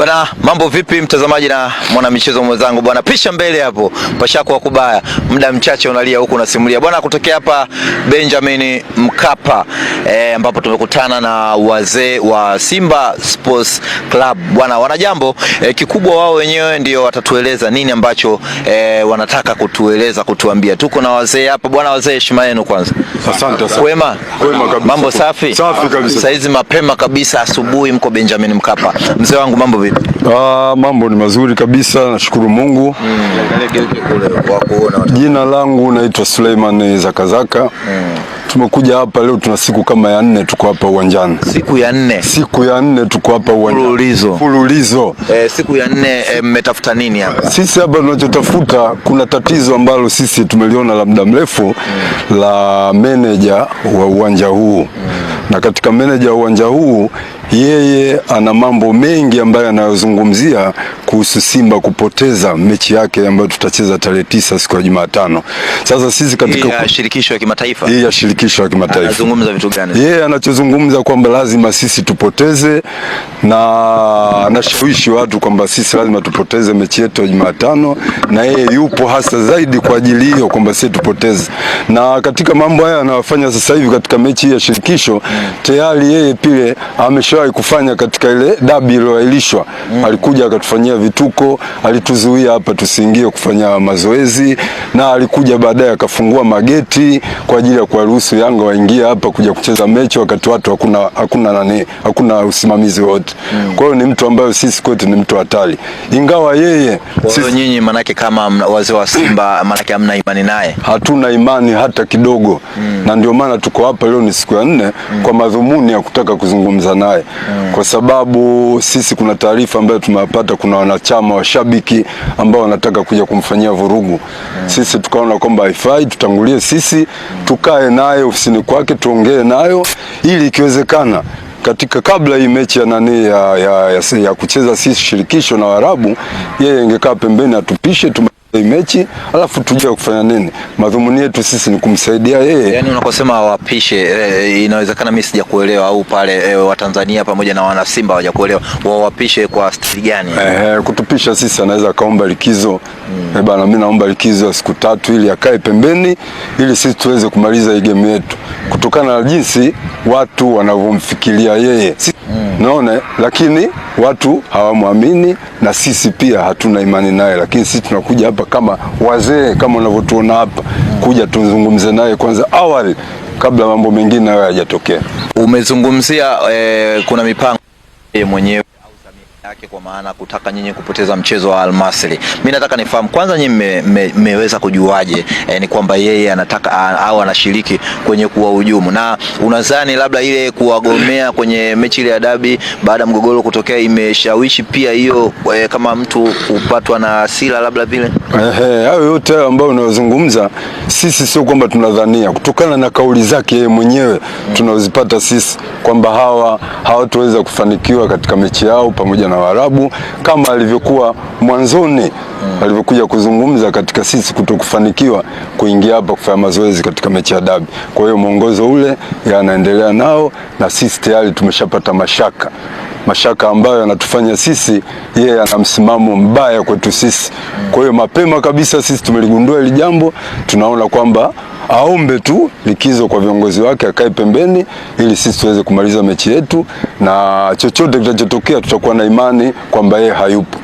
Bana, mambo vipi mtazamaji na mwanamichezo mwenzangu bwana, pisha mbele hapo, pashako kubaya, muda mchache unalia huku unasimulia bwana, kutokea hapa Benjamin Mkapa eh, ambapo e, tumekutana na wazee wa Simba Sports Club bwana, wana jambo e, eh, kikubwa, wao wenyewe ndio watatueleza nini ambacho e, wanataka kutueleza kutuambia. Tuko na wazee hapa bwana, wazee, heshima yenu kwanza. Asante sana. Kwema? Kwema kabisa. Mambo safi? Safi kabisa. Saizi mapema kabisa asubuhi mko Benjamin Mkapa. Mzee wangu mambo vipi? vipi? Ah, mambo ni mazuri kabisa, nashukuru Mungu. Mm. Jina langu naitwa Suleiman Zakazaka. Mm. Tumekuja hapa leo, tuna siku kama ya nne tuko hapa uwanjani. Siku ya nne, siku ya nne tuko hapa uwanjani fululizo, fululizo. E, eh, siku ya nne eh, mmetafuta nini hapa? Sisi hapa tunachotafuta, kuna tatizo ambalo sisi tumeliona la muda mrefu mm. la meneja wa uwanja huu mm na katika meneja wa uwanja huu yeye ana mambo mengi ambayo anayozungumzia kuhusu Simba kupoteza mechi yake ambayo tutacheza tarehe tisa siku ya Jumatano. Sasa sisi katika ya shirikisho ya kimataifa, hii ya shirikisho ya kimataifa anazungumza vitu gani? Yeye anachozungumza kwamba lazima sisi tupoteze, na anashawishi watu kwamba sisi lazima tupoteze mechi yetu ya Jumatano, na yeye yupo hasa zaidi kwa ajili hiyo kwamba sisi tupoteze. Na katika mambo haya anayofanya sasa hivi katika mechi ya shirikisho tayari yeye pile ameshawahi kufanya katika ile dabi iliyoahirishwa mm. Alikuja akatufanyia vituko, alituzuia hapa tusiingie kufanya mazoezi, na alikuja baadaye akafungua mageti kwa ajili ya kuwaruhusu Yanga waingie hapa kuja kucheza mechi wakati watu hakuna hakuna nani hakuna usimamizi wote mm. Kwa hiyo ni mtu ambaye sisi kwetu ni mtu hatari, ingawa yeye sisi... nyinyi manake kama wazee wa Simba manake hamna imani naye, hatuna imani hata kidogo mm. Na ndio maana tuko hapa leo, ni siku ya nne mm kwa madhumuni ya kutaka kuzungumza naye mm. kwa sababu sisi kuna taarifa ambayo tumepata, kuna wanachama washabiki ambao wanataka kuja kumfanyia vurugu mm. Sisi tukaona kwamba haifai, tutangulie sisi mm. tukae naye ofisini kwake tuongee nayo ili ikiwezekana katika kabla hii mechi ya nani ya, ya, ya, ya kucheza sisi shirikisho na Waarabu, yeye ingekaa pembeni atupishe tuma mechi alafu tuje kufanya nini. Madhumuni yetu sisi ni kumsaidia yeye. Yani unakosema wawapishe e, eh, inawezekana mimi sijakuelewa au pale e, Watanzania pamoja na wana Simba hawajakuelewa wawapishe kwa stili gani? Ehe, kutupisha sisi anaweza kaomba likizo mm. E, bana mimi naomba likizo ya siku tatu ili akae pembeni ili sisi tuweze kumaliza hii game yetu kutokana na jinsi watu wanavyomfikiria yeye mm. Naona lakini watu hawamwamini na sisi pia hatuna imani naye, lakini sisi tunakuja hapa kama wazee, kama unavyotuona hapa, kuja tuzungumze naye kwanza awali kabla mambo mengine hayo hayajatokea. Umezungumzia eh, kuna mipango mwenyewe yake kwa maana kutaka nyinyi kupoteza mchezo wa Almasri. Mimi nataka nifahamu kwanza nyinyi mmeweza me, me, kujuaje eh, ni kwamba yeye anataka au anashiriki kwenye kuwahujumu, na unadhani labda ile kuwagomea kwenye mechi ya dabi baada ya mgogoro kutokea imeshawishi pia hiyo eh, kama mtu kupatwa na hasira labda vile? Ehe, hayo yote ambayo unayozungumza sisi sio kwamba tunadhania, kutokana na kauli zake yeye mwenyewe tunazipata sisi kwamba hawa hawatuweza kufanikiwa katika mechi yao pamoja na Waarabu kama alivyokuwa mwanzoni mm. alivyokuja kuzungumza katika sisi kutokufanikiwa kuingia hapa kufanya mazoezi katika mechi ya dabi. Kwa hiyo mwongozo ule yanaendelea nao, na sisi tayari tumeshapata mashaka mashaka ambayo yanatufanya sisi, yeye ana msimamo mbaya kwetu sisi. Hmm. Kwa hiyo mapema kabisa sisi tumeligundua hili jambo, tunaona kwamba aombe tu likizo kwa viongozi wake, akae pembeni ili sisi tuweze kumaliza mechi yetu, na chochote kitachotokea tutakuwa na imani kwamba yeye hayupo.